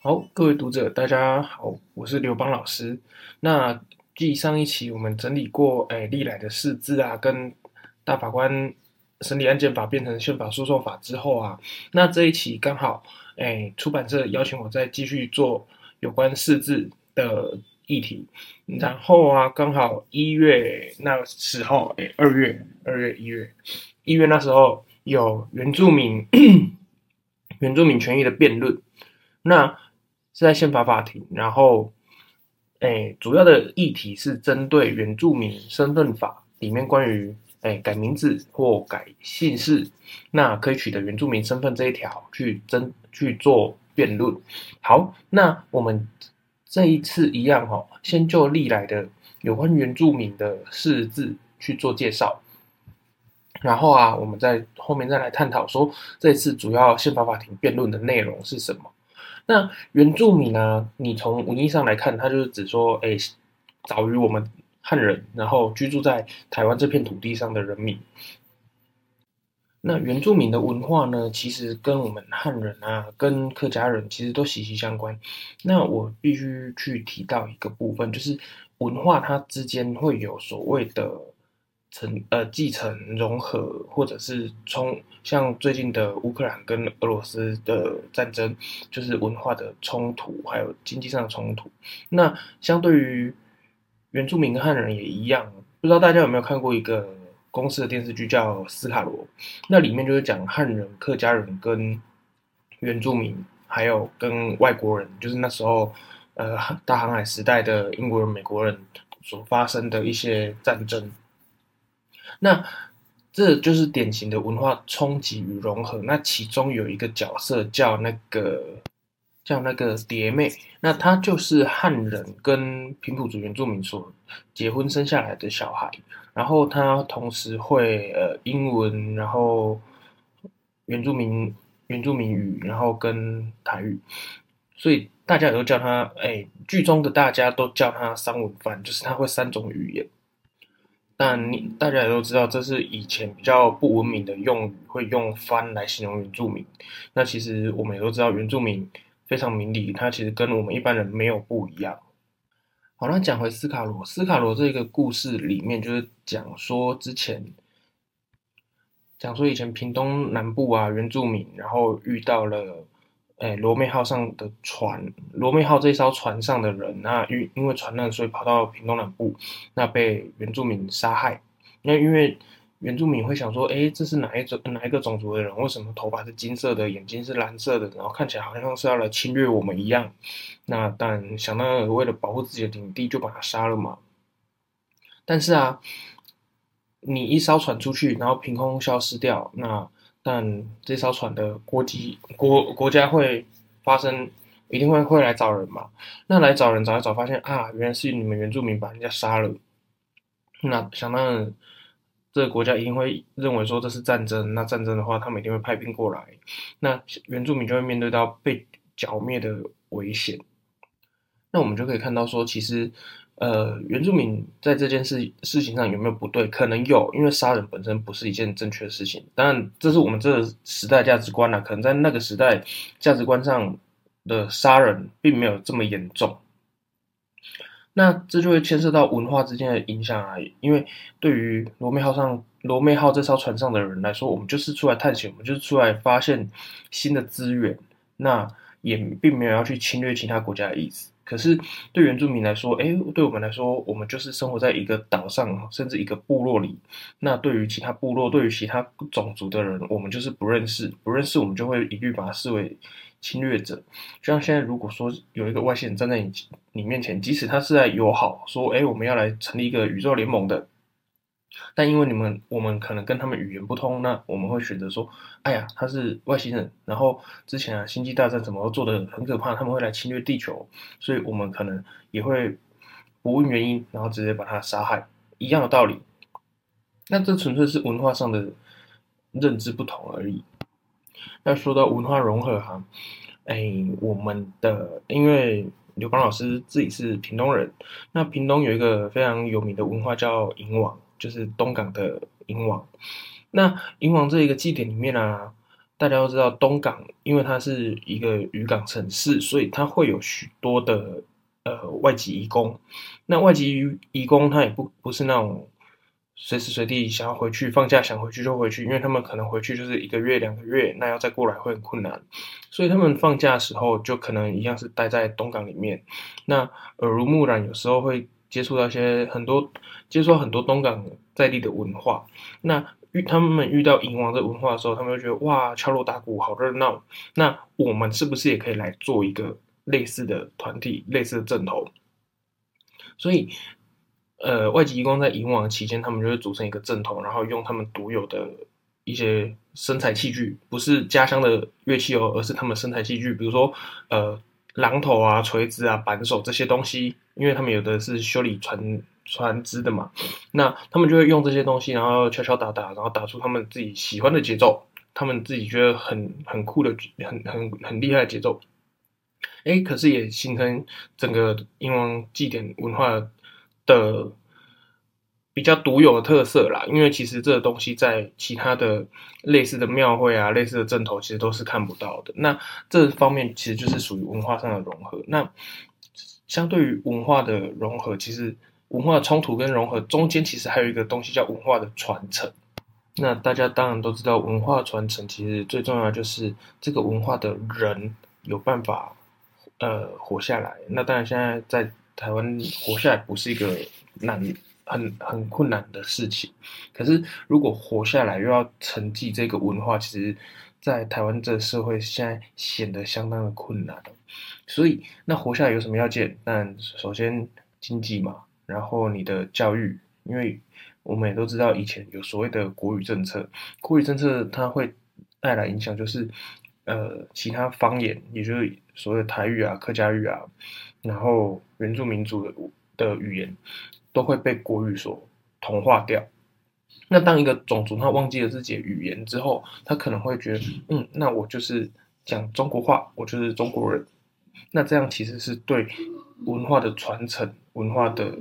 好，各位讀者，大家好，我是劉邦老師。那繼上一期我們整理過，誒歷來的釋字啊，跟大法官審理案件法變成憲法訴訟法之後啊，那這一期剛好，誒出版社邀請我再繼續做有關釋字的。議題，然後啊，剛好一月那時候，哎、欸，二月、二月、月、一月、一月那時候有原住民 原住民權益的辯論，那是在憲法法庭，然後，哎、欸，主要的議題是針對原住民身份法裡面關於哎、欸、改名字或改姓氏，那可以取得原住民身份這一條去爭去做辯論。好，那我們。這一次一樣、哦、先就歷來的有關原住民的釋字去做介紹，然後啊，我們在後面再來探討說，這一次主要憲法法庭辯論的內容是什麼？那原住民啊，你從文義上來看，它就是指說誒，早於我們漢人，然後居住在台灣這片土地上的人民。那原住民的文化呢，其實跟我們漢人啊，跟客家人其實都息息相關。那我必須去提到一個部分，就是文化它之間會有所謂的承，呃，繼承融合，或者是衝，像最近的烏克蘭跟俄羅斯的戰爭，就是文化的衝突，還有經濟上的衝突。那相對於原住民和漢人也一樣，不知道大家有沒有看過一個公司的電視劇叫《斯卡羅》，那裡面就是講漢人、客家人跟原住民，還有跟外國人，就是那時候，呃，大航海時代的英國人、美國人所發生的一些戰爭。那這就是典型的文化衝擊與融合。那其中有一個角色叫那個叫那個蝶妹，那她就是漢人跟平埔族原住民所結婚生下來的小孩。然後他同時會呃英文，然後原住民原住民語，然後跟台語，所以大家也都叫他哎，劇中的大家都叫他三文番，就是他會三種語言。但你大家也都知道，這是以前比較不文明的用語，會用“番”來形容原住民。那其實我們也都知道，原住民非常明理，他其實跟我們一般人沒有不一樣。好，那講回斯卡羅，斯卡羅這個故事裡面，就是講說之前，講說以前屏東南部啊，原住民，然後遇到了，哎、欸，羅妹號上的船，羅妹號這一艘船上的人啊，因因為船難，所以跑到屏東南部，那被原住民殺害，那因為。原住民會想說：“哎，這是哪一種、哪一個種族的人？為什麼頭髮是金色的，眼睛是藍色的？然後看起來好像是要來侵略我們一樣。那但想當然為了保護自己的領地，就把他殺了嘛。但是啊，你一艘船出去，然後憑空消失掉，那但這艘船的國籍、國國家會發生，一定會會來找人嘛。那來找人，找一找發現啊，原來是你們原住民把人家殺了。那想當然這個國家一定會認為說，這是戰爭，那戰爭的話，他們一定會派兵過來，那原住民就會面對到被剿滅的危險。那我們就可以看到說，其實，呃，原住民在這件事事情上有沒有不對？可能有，因為殺人本身不是一件正確的事情，當然這是我們這個時代價值觀了，啊。可能在那個時代價值觀上的殺人並沒有這麼嚴重。那這就會牽涉到文化之間的影響而已，因為對於羅妹號上羅妹號這艘船上的人來說，我們就是出來探險，我們就是出來發現新的資源，那也並沒有要去侵略其他國家的意思。可是對原住民來說，誒，對我們來說，我們就是生活在一個島上，甚至一個部落裡。那對於其他部落，對於其他種族的人，我們就是不認識，不認識，我們就會一律把它視為。侵略者，就像現在，如果說有一個外星人站在你你面前，即使他是在友好說，哎、欸，我們要來成立一個宇宙聯盟的，但因為你們我們可能跟他們語言不通，那我們會選擇說，哎呀，他是外星人，然後之前啊星際大戰怎麼做得很可怕，他們會來侵略地球，所以我們可能也會不問原因，然後直接把他殺害，一樣的道理。那這純粹是文化上的認知不同而已。要說到文化融合哈、啊，哎、欸，我們的，因為劉邦老師自己是屏東人，那屏東有一個非常有名的文化叫迎王，就是東港的迎王。那迎王這一個祭典裡面呢、啊，大家都知道東港，因為它是一個漁港城市，所以它會有許多的呃外籍移工。那外籍移工他也不不是那種。隨時隨地想要回去放假，想回去就回去，因為他們可能回去就是一個月、兩個月，那要再過來會很困難，所以他們放假的時候就可能一樣是待在東港裡面。那耳濡目染，有時候會接觸到一些很多，接觸到很多東港在地的文化。那遇他們遇到迎王的文化的時候，他們就覺得哇，敲鑼打鼓好熱鬧。那我們是不是也可以來做一個類似的團體，類似的陣頭？所以。呃，外籍移工在迎王期間，他們就會組成一個陣頭，然後用他們獨有的一些生產器具，不是家鄉的樂器哦，而是他們生產器具，比如說呃，榔頭啊、錘子啊、扳手這些東西，因為他們有的是修理船船只的嘛，那他們就會用這些東西，然後敲敲打打，然後打出他們自己喜歡的節奏，他們自己覺得很很酷的、很很很厲害的節奏，哎、欸，可是也形成整個迎王祭典文化的。的比較獨有的特色啦，因為其實這個東西在其他的類似的廟會啊、類似的陣頭，其實都是看不到的。那這方面其實就是屬於文化上的融合。那相對於文化的融合，其實文化衝突跟融合中間，其實還有一個東西叫文化的傳承。那大家當然都知道，文化傳承其實最重要的就是這個文化的人有辦法呃活下來。那當然現在在。台灣活下來不是一個難、很很困難的事情，可是如果活下來又要承繼這個文化，其實，在台灣這個社會現在顯得相當的困難。所以，那活下來有什麼要件？但首先經濟嘛，然後你的教育，因為我們也都知道以前有所謂的國語政策，國語政策它會帶來影響，就是。呃，其他方言，也就是所謂的台語啊、客家語啊，然後原住民族的的語言，都會被國語所同化掉。那當一個種族他忘記了自己的語言之後，他可能會覺得，嗯，那我就是講中國話，我就是中國人。那這樣其實是對文化的傳承、文化的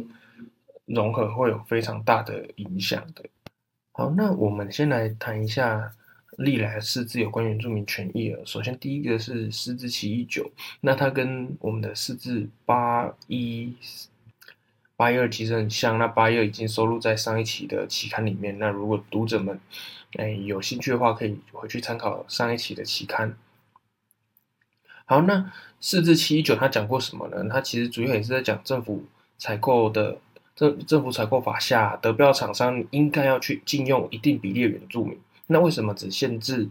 融合會有非常大的影響的。好，那我們先來談一下。歷來的釋字有關原住民權益了。首先，第一個是釋字七一九，那它跟我們的釋字八一八一二其實很像。那八一二已經收錄在上一期的期刊裡面。那如果讀者們哎有興趣的話，可以回去參考上一期的期刊。好，那釋字七一九它講過什麼呢？它其實主要也是在講政府採購的政政府採購法下，得標廠商應該要去進用一定比例的原住民。那為什麼只限制，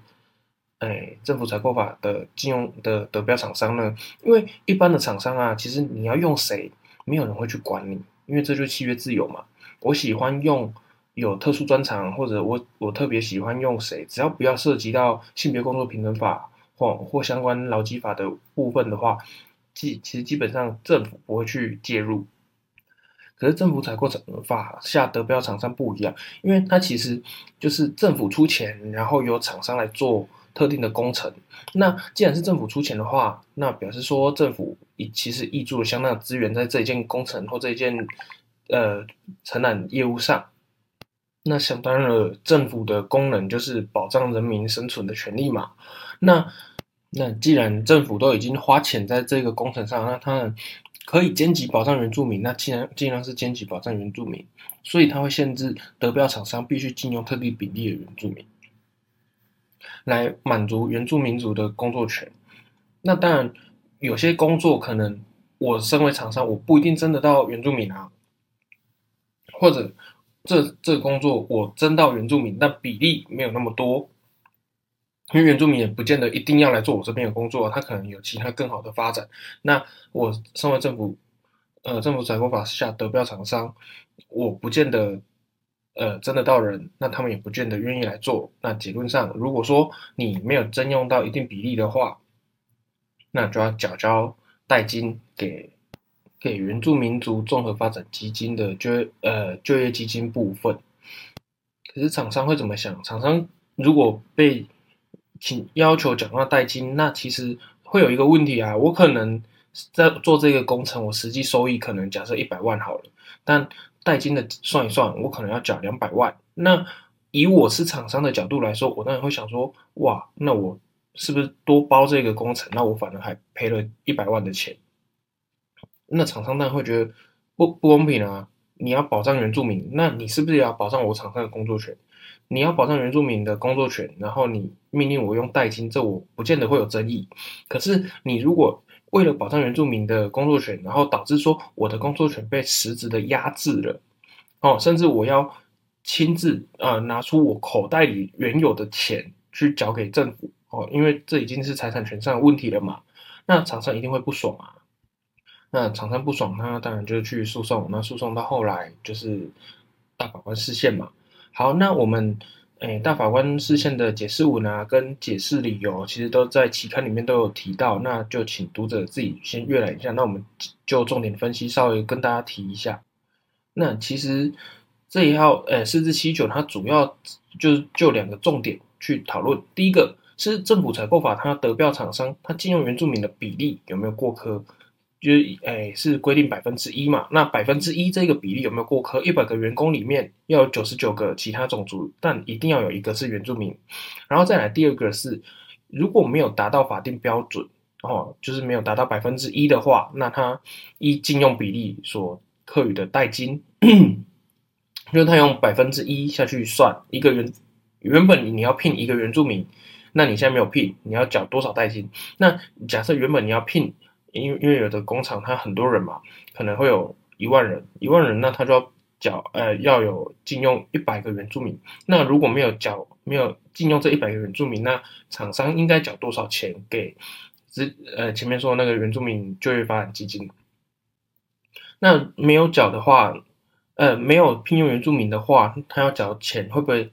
哎，政府採購法的禁用的得標廠商呢？因為一般的廠商啊，其實你要用誰，沒有人會去管你，因為這就是契約自由嘛。我喜歡用有特殊專長，或者我我特別喜歡用誰，只要不要涉及到性別工作平等法或或相關勞基法的部分的話，基其實基本上政府不會去介入。可是政府採購法下得標廠商不一樣，因為它其實就是政府出錢，然後由廠商來做特定的工程。那既然是政府出錢的話，那表示說政府其實挹注了相當的資源在這一件工程或這一件呃承攬業務上。那相當了政府的功能就是保障人民生存的權利嘛。那那既然政府都已經花錢在這個工程上，那他們。可以兼及保障原住民，那既然盡量是兼及保障原住民，所以它會限制得標廠商必須聘用特定比例的原住民，來滿足原住民族的工作權。那當然，有些工作可能我身為廠商，我不一定徵得到原住民啊，或者這這工作我徵到原住民，但比例沒有那麼多。因為原住民也不見得一定要來做我這邊的工作，他可能有其他更好的發展。那我身為政府，呃，政府採購法下得標廠商，我不見得，呃，徵得到人，那他們也不見得願意來做。那結論上，如果說你沒有征用到一定比例的話，那就要繳交代金給給原住民族綜合發展基金的就業呃就業基金部分。可是廠商會怎麼想？廠商如果被請要求繳納代金，那其實會有一個問題啊。我可能在做這個工程，我實際收益可能假設一百萬好了，但代金的算一算，我可能要繳兩百萬。那以我是廠商的角度來說，我當然會想說，哇，那我是不是多包這個工程？那我反而還賠了一百萬的錢。那廠商當然會覺得不不公平啊！你要保障原住民，那你是不是也要保障我廠商的工作權？你要保障原住民的工作權，然後你命令我用代金，這我不見得會有爭議。可是你如果為了保障原住民的工作權，然後導致說我的工作權被實質的壓制了，哦，甚至我要親自啊、呃、拿出我口袋裡原有的錢去繳給政府，哦，因為這已經是財產權上的問題了嘛。那廠商一定會不爽啊。那廠商不爽，他當然就去訴訟。那訴訟到後來就是大法官釋憲嘛。好，那我們誒、欸，大法官釋憲的解釋文啊，跟解釋理由其實都在期刊裡面都有提到，那就請讀者自己先閱覽一下。那我們就重點分析，稍微跟大家提一下。那其實這一號誒四七九，欸、它主要就是就兩個重點去討論。第一個是政府採購法，它得標廠商它進用原住民的比例有沒有過苛？就哎、是欸，是規定百分之一嘛？那百分之一這個比例有沒有過苛？一百個員工裡面要有九十九個其他種族，但一定要有一個是原住民。然後再來第二個是，如果沒有達到法定標準，哦，就是沒有達到百分之一的話，那他依進用比例所課予的代金， 就是他用百分之一下去算一個原原本你要聘一個原住民，那你現在沒有聘，你要繳多少代金？那假設原本你要聘。因為因為有的工廠它很多人嘛，可能會有一萬人，一萬人那他就要繳呃，要有進用一百個原住民，那如果沒有繳、沒有進用這一百個原住民，那廠商應該繳多少錢給直呃，前面說那個原住民就業發展基金？那沒有繳的話，呃，沒有聘用原住民的話，他要繳錢會不會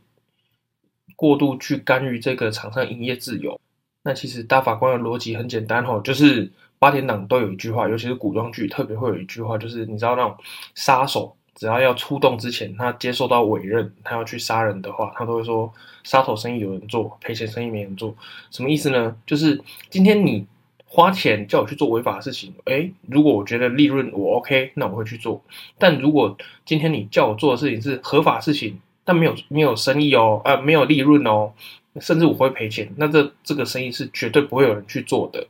過度去干預這個廠商營業自由？那其實大法官的邏輯很簡單吼，就是八點檔都有一句話，尤其是古裝劇特別會有一句話，就是你知道那種殺手，只要要出動之前，他接受到委任，他要去殺人的話，他都會說：殺頭生意有人做，賠錢生意沒人做。什麼意思呢？就是今天你花錢叫我去做違法的事情，誒、欸、如果我覺得利潤我 OK，那我會去做；但如果今天你叫我做的事情是合法事情，但沒有沒有生意哦，啊、呃、沒有利潤哦。甚至我會賠錢，那這這個生意是絕對不會有人去做的。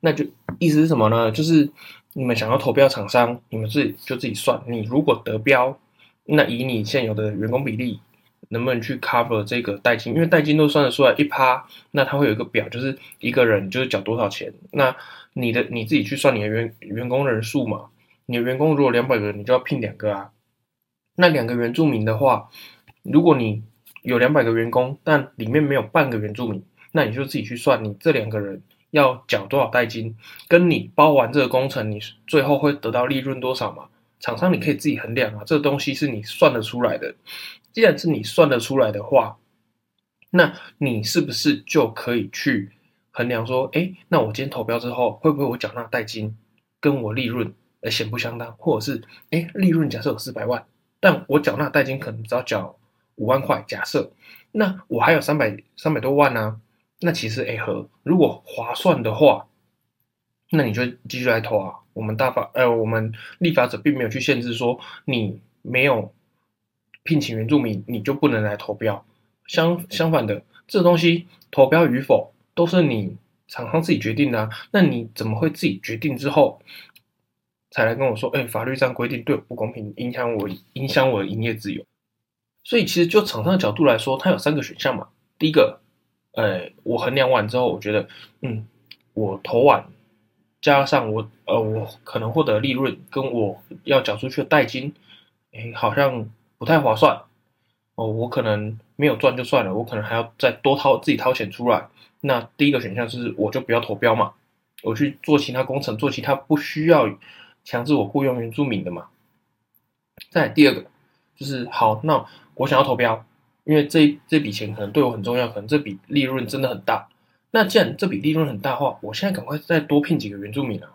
那就意思是什麼呢？就是你們想要投標廠商，你們自己就自己算。你如果得標，那以你現有的員工比例，能不能去 cover 這個代金？因為代金都算得出來一趴。那它會有一個表，就是一個人就是繳多少錢。那你的你自己去算你的員員工人數嘛。你的員工如果兩百個人，你就要聘兩個啊。那兩個原住民的話，如果你。有兩百個員工，但裡面沒有半個原住民，那你就自己去算，你這兩個人要繳多少代金，跟你包完這個工程，你最後會得到利潤多少嘛？廠商你可以自己衡量啊，這個東西是你算得出來的。既然是你算得出來的話，那你是不是就可以去衡量說，誒、欸，那我今天投標之後，會不會我繳納代金跟我利潤呃，顯不相當？或者是誒、欸，利潤假設有四百萬，但我繳納代金可能只要繳？五萬塊，假設，那我還有三百三百多萬呢，啊，那其實哎，和如果划算的話，那你就繼續來投啊。我們大法，呃，我們立法者並沒有去限制說你沒有聘請原住民你就不能來投標。相相反的，這東西投標與否都是你廠商自己決定的，啊。那你怎麼會自己決定之後，才來跟我說？哎，法律上規定對我不公平，影響我影響我的營業自由。所以其實就廠商的角度來說，它有三個選項嘛。第一個，呃，我衡量完之後，我覺得，嗯，我投完，加上我，呃，我可能獲得利潤，跟我要繳出去的代金，欸，好像不太划算。哦，呃，我可能沒有賺就算了，我可能還要再多掏自己掏錢出來。那第一個選項是，我就不要投標嘛，我去做其他工程，做其他不需要強制我僱傭原住民的嘛。再來第二個，就是好，那。我想要投標，因為這這筆錢可能對我很重要，可能這筆利潤真的很大。那既然這筆利潤很大的話，我現在趕快再多聘幾個原住民啊。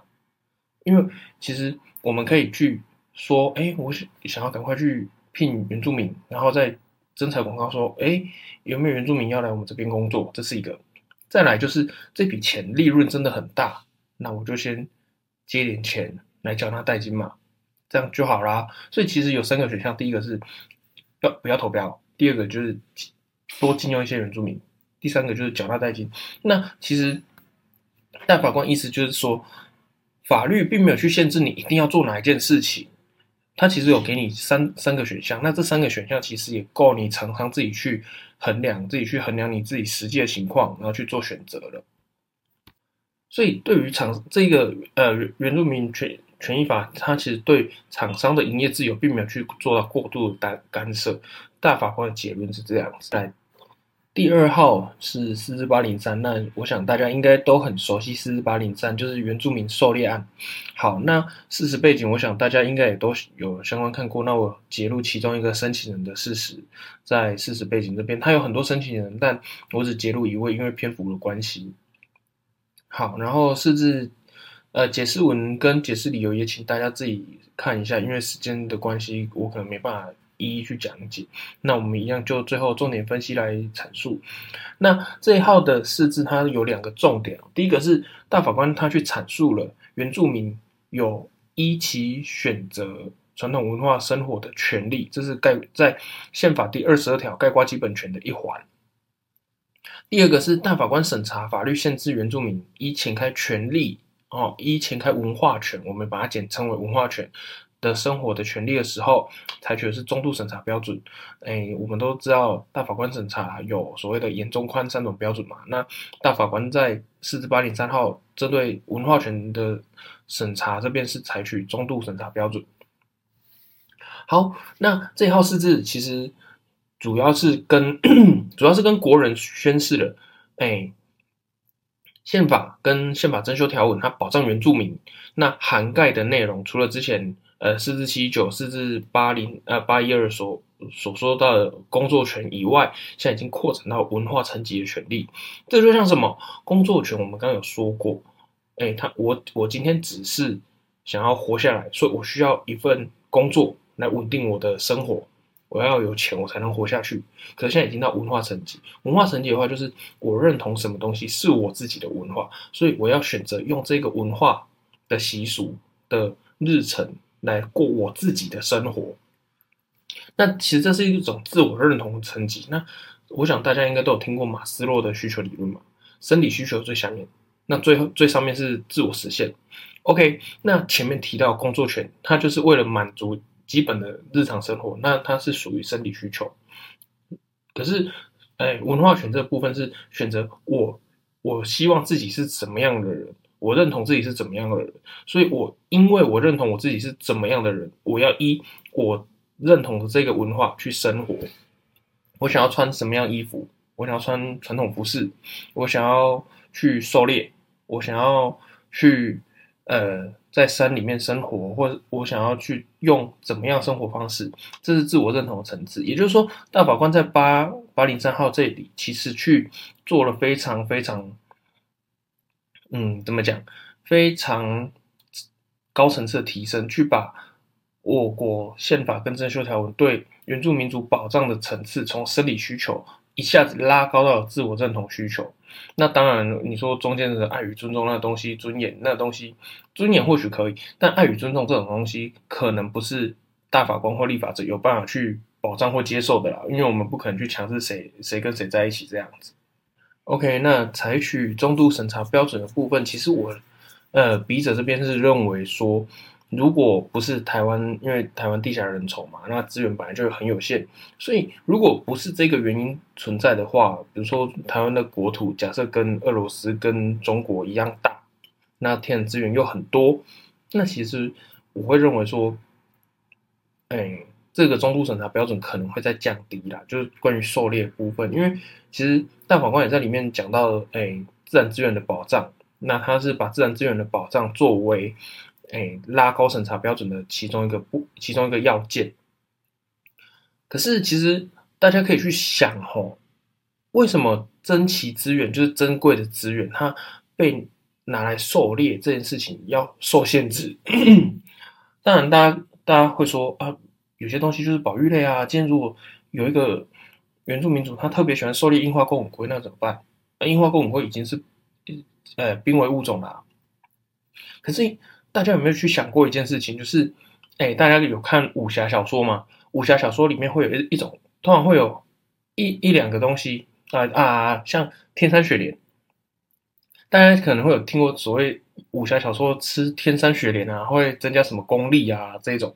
因為其實我們可以去說，哎、欸，我想要趕快去聘原住民，然後再徵才廣告說，哎、欸，有沒有原住民要來我們這邊工作？這是一個。再來就是這筆錢利潤真的很大，那我就先借點錢來繳納代金嘛，這樣就好啦。所以其實有三個選項，第一個是。要不要投標？第二個就是多進用一些原住民，第三個就是繳納代金。那其實大法官意思就是說，法律並沒有去限制你一定要做哪一件事情，它其實有給你三三個選項。那這三個選項其實也夠你常常自己去衡量，自己去衡量你自己實際的情況，然後去做選擇了。所以對於長這個呃原住民權益法它其實對廠商的營業自由並沒有去做到過度的干干涉，大法官的結論是這樣子。來，第二號是四四八零三，那我想大家應該都很熟悉四四八零三，就是原住民狩獵案。好，那事實背景我想大家應該也都有相關看過。那我截錄其中一個申請人的事實，在事實背景這邊，它有很多申請人，但我只截錄一位，因為篇幅的關係。好，然後四四。呃，解釋文跟解釋理由也請大家自己看一下，因為時間的關係，我可能沒辦法一一去講解。那我們一樣就最後重點分析來闡述。那這一號的釋字它有兩個重點，第一個是大法官他去闡述了原住民有依其選擇傳統文化生活的權利，這是在憲法第二十二條概括基本權的一環。第二個是大法官審查法律限制原住民依前開權利，哦，一前開文化權，我們把它簡稱為文化權的生活的權利的時候，採取的是中度審查標準。哎、欸，我們都知道大法官審查有所謂的嚴、中、寬三種標準嘛。那大法官在釋字八〇三號針對文化權的審查這邊是採取中度審查標準。好，那這一號釋字其實主要是跟 主要是跟國人宣示的，哎、欸。憲法跟憲法增修條文，它保障原住民那涵蓋的內容，除了之前呃四七九、四八零、呃八一二所所說到的工作權以外，現在已經擴展到文化層級的權利。這就像什麼工作權，我們剛剛有說過，哎、欸，他我我今天只是想要活下來，所以我需要一份工作來穩定我的生活。我要有錢，我才能活下去。可是現在已經到文化層級，文化層級的話，就是我認同什麼東西是我自己的文化，所以我要選擇用這個文化的習俗的日程來過我自己的生活。那其實這是一種自我認同的層級。那我想大家應該都有聽過馬斯洛的需求理論嘛？生理需求最下面，那最後最上面是自我實現。OK，那前面提到工作權，它就是為了滿足。基本的日常生活，那它是屬於生理需求。可是，誒、哎，文化選擇的部分是選擇我，我希望自己是怎麼樣的人，我認同自己是怎麼樣的人，所以我因為我認同我自己是怎麼樣的人，我要依我認同的這個文化去生活。我想要穿什麼樣衣服？我想要穿傳統服飾。我想要去狩獵。我想要去呃。在山裡面生活，或者我想要去用怎麼樣的生活方式，這是自我認同的層次。也就是說，大法官在八八零三號這裡，其實去做了非常非常，嗯，怎麼講，非常高層次的提升，去把我國憲法跟增修條文對原住民族保障的層次，從生理需求一下子拉高到自我認同需求。那當然，你說中間的愛與尊重那東西，尊嚴那東西，尊嚴或許可以，但愛與尊重這種東西，可能不是大法官或立法者有辦法去保障或接受的啦，因為我們不可能去強制誰誰跟誰在一起這樣子。OK，那採取中度審查標準的部分，其實我，呃，筆者這邊是認為說。如果不是台灣，因為台灣地狹人稠嘛，那資源本來就很有限。所以，如果不是這個原因存在的話，比如說台灣的國土假設跟俄羅斯、跟中國一樣大，那天然資源又很多，那其實我會認為說，哎、欸，這個中度審查標準可能會再降低啦。就是關於狩獵部分，因為其實大法官也在裡面講到，哎、欸，自然資源的保障，那他是把自然資源的保障作為。哎、欸，拉高審查標準的其中一個不，其中一個要件。可是，其實大家可以去想哦，為什麼珍奇資源就是珍貴的資源，它被拿來狩獵這件事情要受限制？嗯、 當然，大家大家會說啊，有些東西就是保育類啊。今天如果有一個原住民族，他特別喜歡狩獵櫻花鈎吻鮭，那怎麼辦？櫻、啊、櫻花鈎吻鮭已經是呃瀕危物種啦。可是。大家有沒有去想過一件事情？就是，哎、欸，大家有看武俠小說嗎？武俠小說裡面會有一一種，通常會有一一兩個東西啊啊、呃呃，像天山雪蓮。大家可能會有聽過所謂武俠小說吃天山雪蓮啊，會增加什麼功力啊，這種。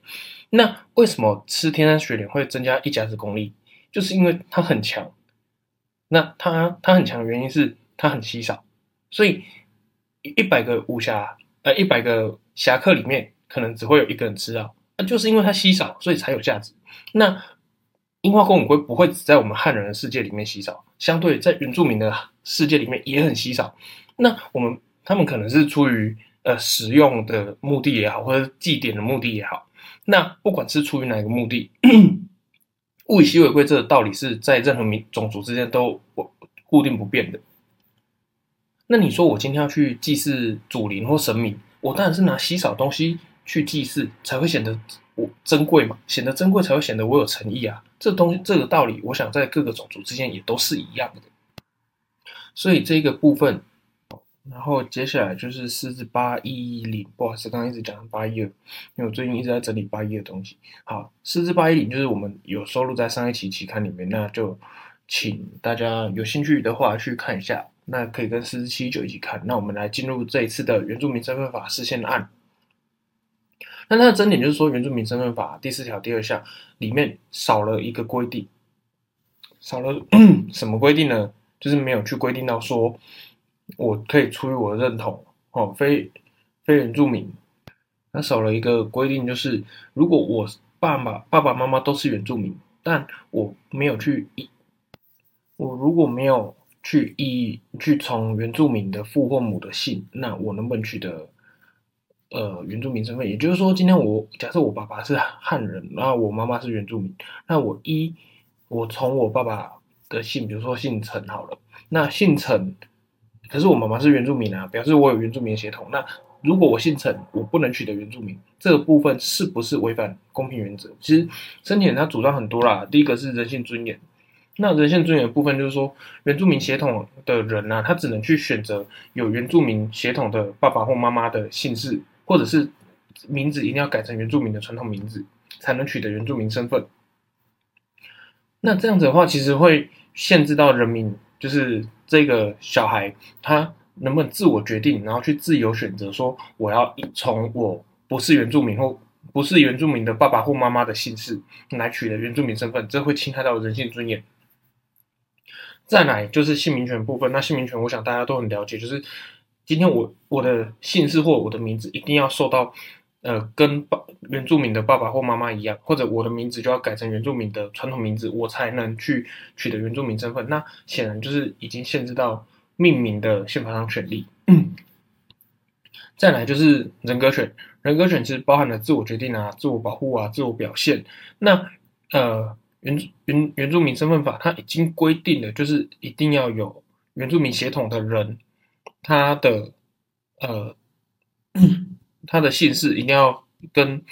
那為什麼吃天山雪蓮會增加一甲子功力？就是因為它很強。那它它很強的原因是它很稀少，所以一百個武俠，呃，一百個。俠客裡面可能只會有一個人吃到，那、啊、就是因為它稀少，所以才有價值。那櫻花鉤吻鮭不會只在我們漢人的世界裡面稀少，相對在原住民的世界裡面也很稀少。那我們他們可能是出於呃，食用的目的也好，或者祭典的目的也好，那不管是出於哪一個目的， 物以稀為貴這個道理是在任何民種族之間都我固定不變的。那你說我今天要去祭祀祖靈或神明，我當然是拿稀少東西去祭祀，才會顯得我珍貴嘛，顯得珍貴才會顯得我有誠意啊。這個東西，這個道理，我想在各個種族之間也都是一樣的。所以這個部分，然後接下來就是釋字八一零，不好意思，剛剛一直講八一二，因為我最近一直在整理八一二的東西。好，釋字八一零就是我們有收錄在上一期期刊裡面，那就請大家有興趣的話去看一下。那可以跟四十七九一起看。那我們來進入這一次的原住民身份法釋憲案。那它的爭點就是說，原住民身份法第四條第二項裡面少了一個規定，少了什麼規定呢？就是沒有去規定到說，我可以出於我的認同，哦，非非原住民。那少了一個規定，就是如果我爸爸爸爸媽媽都是原住民，但我沒有去，我如果沒有。去一去從原住民的父或母、母的姓，那我能不能取得呃原住民身份？也就是說，今天我假設我爸爸是漢人，那我媽媽是原住民，那我一我從我爸爸的姓，比如說姓陳好了，那姓陳，可是我媽媽是原住民啊，表示我有原住民的血統。那如果我姓陳，我不能取得原住民，這個部分是不是違反公平原則？其實申請人他主張很多啦，第一個是人性尊嚴。那人性尊嚴的部分就是說，原住民血統的人啊，他只能去選擇有原住民血統的爸爸或媽媽的姓氏，或者是名字一定要改成原住民的傳統名字，才能取得原住民身份。那這樣子的話，其實會限制到人民，就是這個小孩他能不能自我決定，然後去自由選擇說，我要從我不是原住民或不是原住民的爸爸或媽媽的姓氏來取得原住民身份，這會侵害到人性尊嚴。再來就是姓名權部分，那姓名權我想大家都很了解，就是今天我我的姓氏或我的名字一定要受到，呃，跟原住民的爸爸或媽媽一樣，或者我的名字就要改成原住民的傳統名字，我才能去取得原住民身份。那顯然就是已經限制到命名的憲法上權利。 再來就是人格權，人格權其實包含了自我決定啊、自我保護啊、自我表現。那呃。原住原原住民身份法，它已經規定了，就是一定要有原住民血統的人，他的呃他的姓氏一定要跟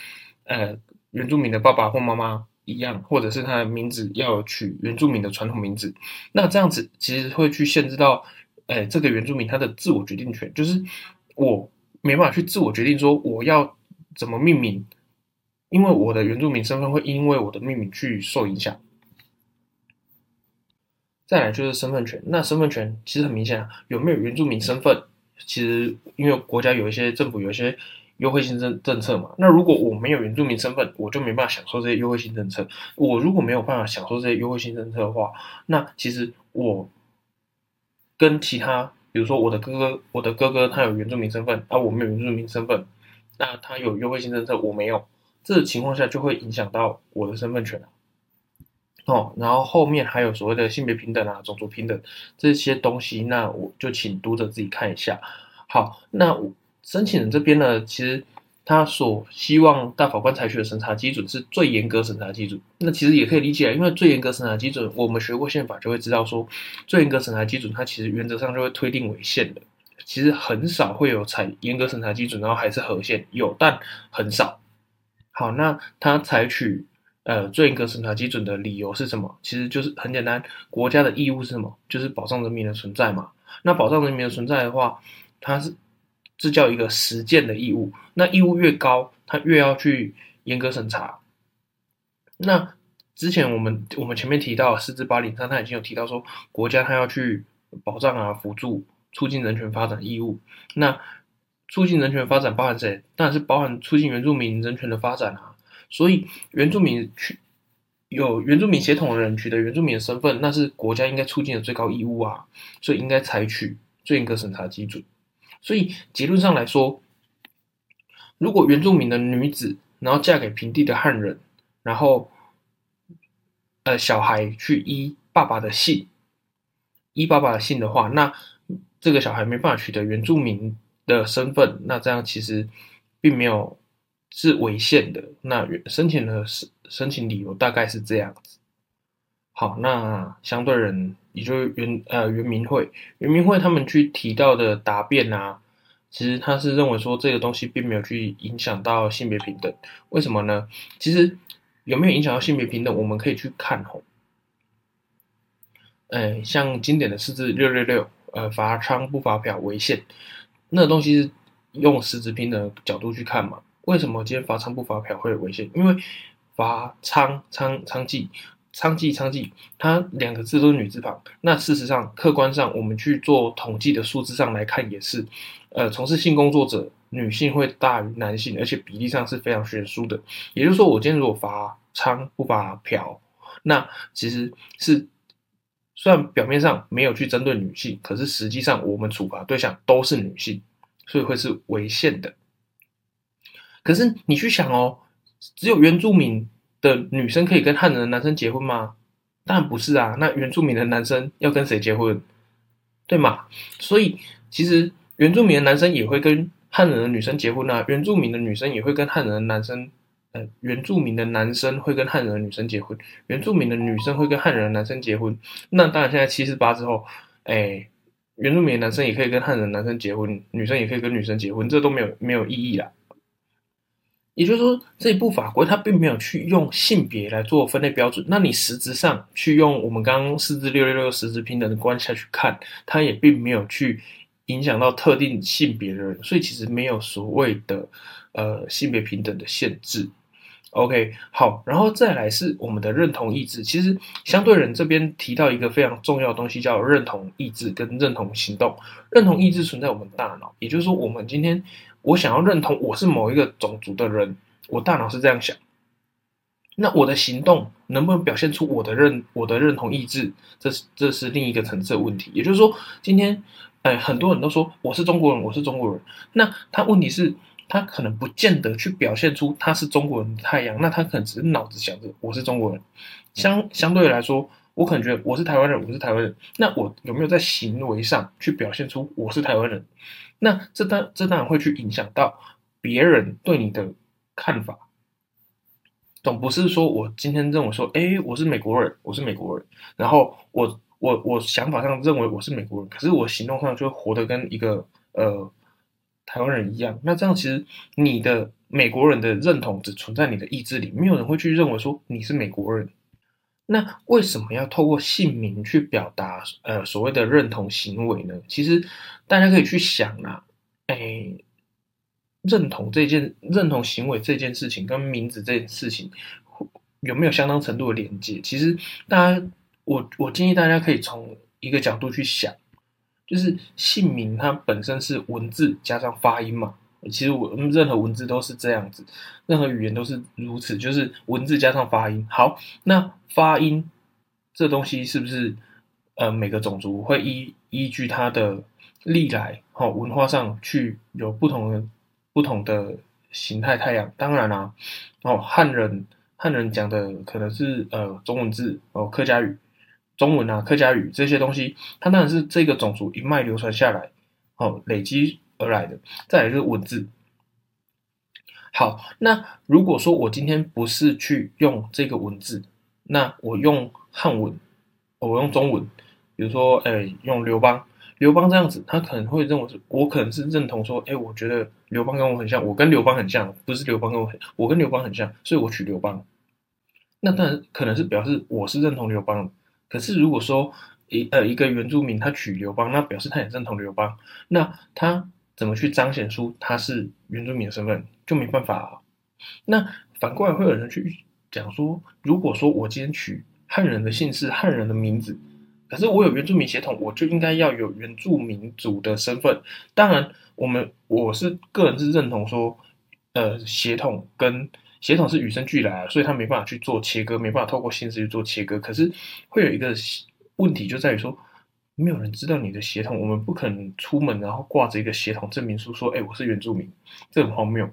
呃原住民的爸爸或媽媽一樣，或者是他的名字要取原住民的傳統名字。那這樣子其實會去限制到，呃、這個原住民他的自我決定權，就是我沒辦法去自我決定說我要怎麼命名。因為我的原住民身份會因為我的秘密去受影響。再來就是身份權，那身份權其實很明顯啊，有沒有原住民身份，其實因為國家有一些政府有一些優惠性政政策嘛。那如果我沒有原住民身份，我就沒辦法享受這些優惠性政策。我如果沒有辦法享受這些優惠性政策的話，那其實我跟其他，比如說我的哥哥，我的哥哥他有原住民身份，而、啊、我沒有原住民身份，那他有優惠性政策，我沒有。這情況下就會影響到我的身份權啊，哦，然後後面還有所謂的性別平等啊、種族平等這些東西，那我就請讀者自己看一下。好，那我申請人這邊呢，其實他所希望大法官採取的審查基準是最嚴格審查基準。那其實也可以理解，因為最嚴格審查基準，我們學過憲法就會知道說，說最嚴格審查基準，它其實原則上就會推定違憲的。其實很少會有採嚴格審查基準，然後還是合憲，有但很少。好，那他採取呃最嚴格審查基準的理由是什麼？其實就是很簡單，國家的義務是什麼？就是保障人民的存在嘛。那保障人民的存在的話，它是這叫一個實踐的義務。那義務越高，它越要去嚴格審查。那之前我們我們前面提到《釋字803》，他已經有提到說，國家他要去保障啊、輔助、促進人權發展義務。那促進人權的發展包含誰？當然是包含促進原住民人權的發展啊！所以原住民取，有原住民血統的人取得原住民的身份，那是國家應該促進的最高義務啊！所以應該採取最嚴格審查基準。所以結論上來說，如果原住民的女子然後嫁給平地的漢人，然後呃小孩去依爸爸的姓，依爸爸的姓的話，那這個小孩沒辦法取得原住民。的身份，那這樣其實並沒有是違憲的。那申請的申請理由大概是這樣子。好，那相對人也就是呃原民會、原民會他們去提到的答辯啊，其實他是認為說這個東西並沒有去影響到性別平等。為什麼呢？其實有沒有影響到性別平等，我們可以去看吼。嗯、呃，像經典的釋字六六六，呃，罰娼不罰嫖違憲。那個東西是用實質拼的角度去看嘛？為什麼今天罰娼不罰嫖會有違憲？因為罰娼、娼、娼妓、娼妓、娼妓，它兩個字都是女字旁。那事實上，客觀上，我們去做統計的數字上來看，也是，呃，從事性工作者女性會大於男性，而且比例上是非常懸殊的。也就是說，我今天如果罰娼不罰嫖，那其實是。雖然表面上沒有去針對女性，可是實際上我們處罰對象都是女性，所以會是違憲的。可是你去想哦，只有原住民的女生可以跟漢人的男生結婚嗎？當然不是啊，那原住民的男生要跟誰結婚？對嗎？所以其實原住民的男生也會跟漢人的女生結婚啊，原住民的女生也會跟漢人的男生。呃，原住民的男生會跟漢人的女生結婚，原住民的女生會跟漢人的男生結婚。那當然，現在七四八之後，哎，原住民的男生也可以跟漢人的男生結婚，女生也可以跟女生結婚，這都沒有沒有意義啦。也就是說，這一部法規它並沒有去用性別來做分類標準。那你實質上去用我們剛剛釋字六六六實質平等的關係下去看，它也並沒有去影響到特定性別的人，所以其實沒有所謂的呃性別平等的限制。OK，好，然後再來是我們的認同意志。其實相對人這邊提到一個非常重要的東西，叫認同意志跟認同行動。認同意志存在我們大腦，也就是說，我們今天我想要認同我是某一個種族的人，我大腦是這樣想。那我的行動能不能表現出我的認我的認同意志？這是這是另一個層次的問題。也就是說，今天哎、呃，很多人都說我是中國人，我是中國人。那他問題是？他可能不見得去表現出他是中國人的太陽。那他可能只是腦子想着我是中國人。相相對來說，我可能覺得我是台灣人，我是台灣人。那我有沒有在行為上去表現出我是台灣人？那這當這當然會去影響到別人對你的看法。總不是說我今天認為說，誒、欸，我是美國人，我是美國人。然後我我我想法上認為我是美國人，可是我行動上就會活得跟一個呃。台灣人一樣，那這樣其實你的美國人的認同只存在你的意志裡，沒有人會去認為說你是美國人。那為什麼要透過姓名去表達呃所謂的認同行為呢？其實大家可以去想啦、啊，哎、欸，認同這件、認同行為這件事情跟名字這件事情有沒有相當程度的連接？其實大家，我我建議大家可以從一個角度去想。就是姓名，它本身是文字加上發音嘛。其實我任何文字都是這樣子，任何語言都是如此，就是文字加上發音。好，那發音這東西是不是呃，每個種族會依依據它的歷來哦文化上去有不同的不同的形態？態樣，當然啦、啊，哦，漢人漢人講的可能是呃中文字哦客家語。中文啊，客家語這些東西，它當然是這個種族一脈流傳下來，哦，累積而來的。再來一個文字，好，那如果說我今天不是去用這個文字，那我用漢文，我用中文，比如說，哎、欸，用劉邦，劉邦這樣子，他可能會認為是，我可能是認同說，哎、欸，我覺得劉邦跟我很像，我跟劉邦很像，不是劉邦跟我很，我跟劉邦很像，所以我取劉邦。那當然可能是表示我是認同劉邦的。可是如果說一呃一個原住民他取劉邦，那表示他也認同劉邦，那他怎麼去彰顯出他是原住民的身份，就沒辦法啊。那反過來會有人去講說，如果說我今天取漢人的姓氏、漢人的名字，可是我有原住民血統，我就應該要有原住民族的身份。當然，我們我是個人是認同說，呃，血統跟。血統是與生俱來的，所以他沒辦法去做切割，沒辦法透過姓氏去做切割。可是會有一個問題，就在於說，沒有人知道你的血統，我們不可能出門然後掛着一個血統證明書，說：“哎、欸，我是原住民。”這很荒謬。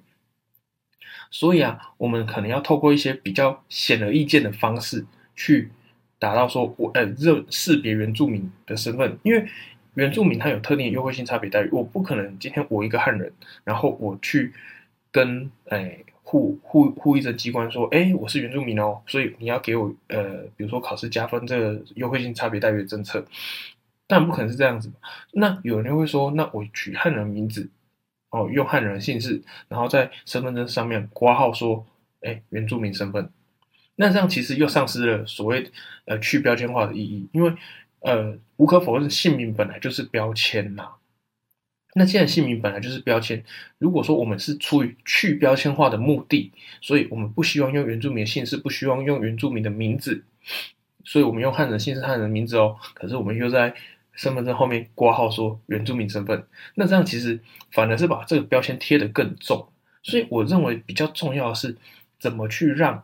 所以啊，我們可能要透過一些比較顯而易見的方式，去達到說我呃認識別原住民的身份，因為原住民他有特定優惠性差別待遇。我不可能今天我一個漢人，然後我去跟誒、欸戶、戶、戶，役的機關說：“哎、欸，我是原住民哦，所以你要給我呃，比如說考試加分這個優惠性差別待遇政策。”但不可能是這樣子嘛。那有人會說：“那我取漢人名字，哦，用漢人姓氏，然後在身份證上面掛號說，哎、欸，原住民身份。”那這樣其實又喪失了所謂呃去標籤化的意義，因為呃，無可否認，姓名本來就是標籤吶。那既然姓名本來就是標籤，如果說我們是出於去標籤化的目的，所以我們不希望用原住民姓氏，不希望用原住民的名字，所以我們用漢人姓氏、漢人名字哦。可是我們又在身份證後面括號說原住民身份，那這樣其實反而是把這個標籤貼得更重。所以我認為比較重要的是，怎麼去讓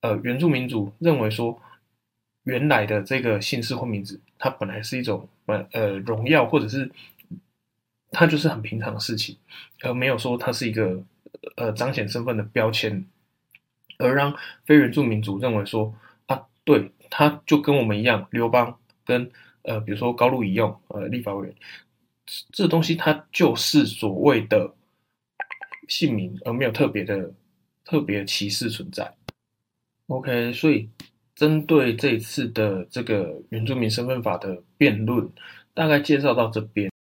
呃原住民族認為說原來的這個姓氏或名字，它本來是一種呃呃榮耀，或者是。它就是很平常的事情，而沒有說它是一個呃彰顯身份的標籤，而讓非原住民族認為說啊，對，他就跟我們一樣，劉邦跟呃比如說高露一樣，呃立法委員，這東西它就是所謂的姓名，而沒有特別的特別的歧視存在。OK，所以針對這一次的這個原住民身份法的辯論，大概介紹到這邊。